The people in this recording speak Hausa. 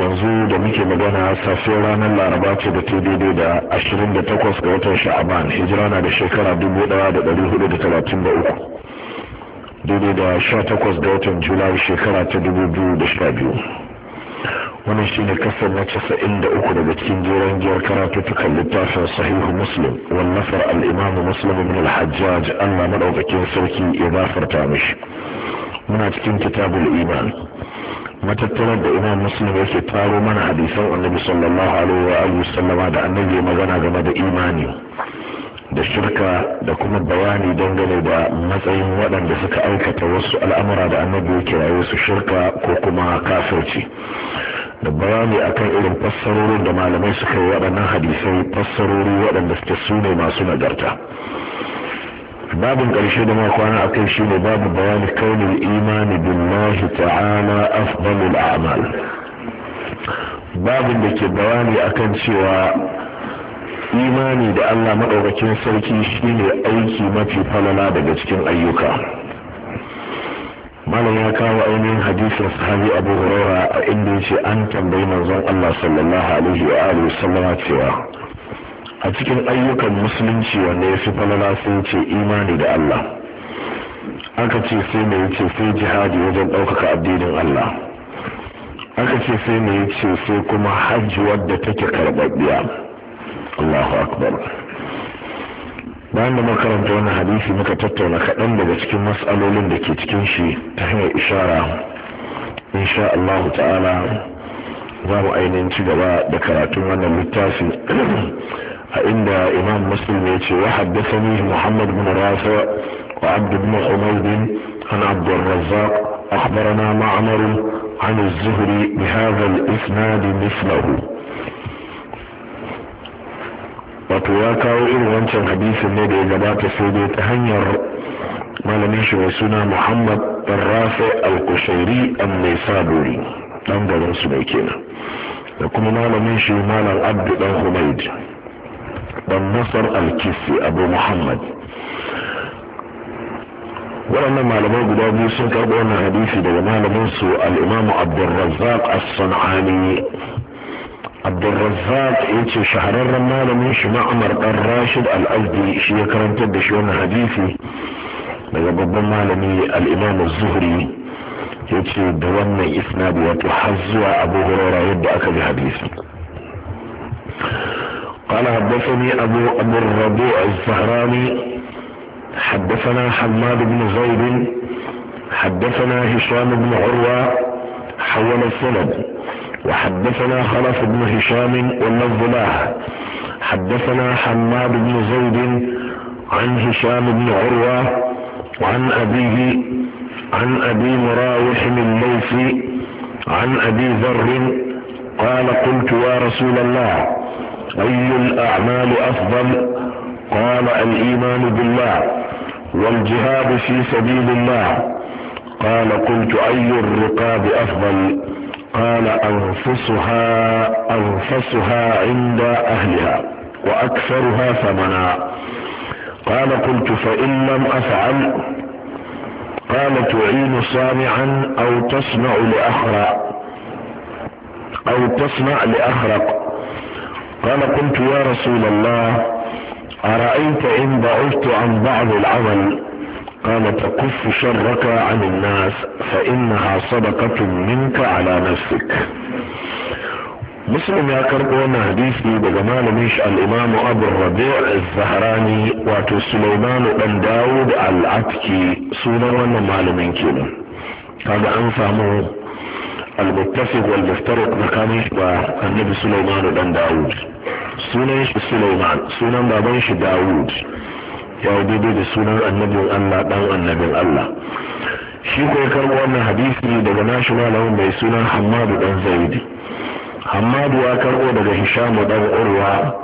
yanzu da muke magana safiyar ranar laraba ce da ta daidai da 28 ga watan sha'aban hijira na da shekara 1433 daidai da 18 ga watan julai shekara ta 2012 wannan shi ne kasar na 93 daga cikin jeren giyar karatuttukan littafin sahihu muslim wannafar al'imamu muslim ibn al-hajjaj allah maɗaukakin sarki ya gafarta mishi muna cikin kitabul iman matattarar da imam muslim yake taro mana hadisan annabi sallallahu alaihi wa alihi sallama da annabi magana game da imani da shirka da kuma bayani dangane da matsayin waɗanda suka aikata wasu al'amura da annabi ya kiraye su shirka ko kuma kafirci da bayani akan irin fassarorin da malamai suka yi waɗannan hadisai fassarori waɗanda suke su ne masu nagarta babin ƙarshe da makwana a kai shi ne babu bayani kaunin imani billahi ta'ala afdalul a'mal babin da ke bayani akan cewa imani da Allah maɗaukakin sarki shine aiki mafi falala daga cikin ayyuka malam ya kawo ainihin hadisin sahabi abu huraira a inda yace an tambayi manzon Allah sallallahu alaihi wa alihi sallama cewa a cikin ayyukan musulunci wanda ya fi falala sun ce imani da Allah aka ce sai mai ce sai jihadi wajen ɗaukaka addinin Allah aka ce sai mai ce sai kuma hajji wadda take karɓaɓɓiya Allahu akbar bayan da makaranta wani hadisi muka tattauna kaɗan daga cikin matsalolin da ke cikin shi ta hanyar ishara insha allahu ta'ala za mu ainihin ci gaba da karatun wannan littafin فإن إمام مسلم يتي وحدثني محمد بن رافع وعبد بن حميد عن عبد الرزاق أخبرنا معمر عن الزهري بهذا الإسناد مثله wato ya kawo irin wancan hadisin ne da ya gabata sai dai ta hanyar malamin shi mai suna muhammad bin rafi al-kushairi an mai saburi dan garin su mai kenan da kuma malamin shi malam abdu dan humaid النصر الكسي ابو محمد ولما معلمه قباب يوسن كربونا حديثي ده معلمه سو الامام عبد الرزاق الصنعاني عبد الرزاق ايش شهر الرمال مش معمر الراشد الازدي شي كرمت بشون حديثي ده بابا معلمي الامام الزهري يجي دوانا اسناد وتحزوا ابو هريره يبدا اكل حديثي قال حدثني أبو أبو الربيع الزهراني حدثنا حماد بن زيد حدثنا هشام بن عروة حول السند وحدثنا خلف بن هشام واللفظ له حدثنا حماد بن زيد عن هشام بن عروة وعن أبيه عن أبي مراوح الليثي عن أبي ذر قال قلت يا رسول الله أي الأعمال أفضل قال الإيمان بالله والجهاد في سبيل الله قال قلت أي الرقاب أفضل قال أنفسها أنفسها عند أهلها وأكثرها ثمنا قال قلت فإن لم أفعل قال تعين صانعا أو تصنع لأخرق أو تصنع لأخرق قال قلت يا رسول الله أرأيت إن ضعفت عن بعض العمل قال تكف شرك عن الناس فإنها صدقة منك على نفسك مسلم يا كربون حديثي بجمال مش الإمام أبو الربيع الزهراني واتو سليمان بن داود العتكي سونا وانا معلمين قال هذا أنفهمه al-muttafiq wal muftariq makamin shi ba annabi Sulaiman dan Dawud sunan shi Sulaiman sunan baban shi Dawud ya daidai da sunan annabin Allah dan annabin Allah shi ko ya karbo wannan hadisi daga nashi malamin mai sunan Hammadu dan Zaidi Hammadu ya karɓo daga Hishamu dan Urwa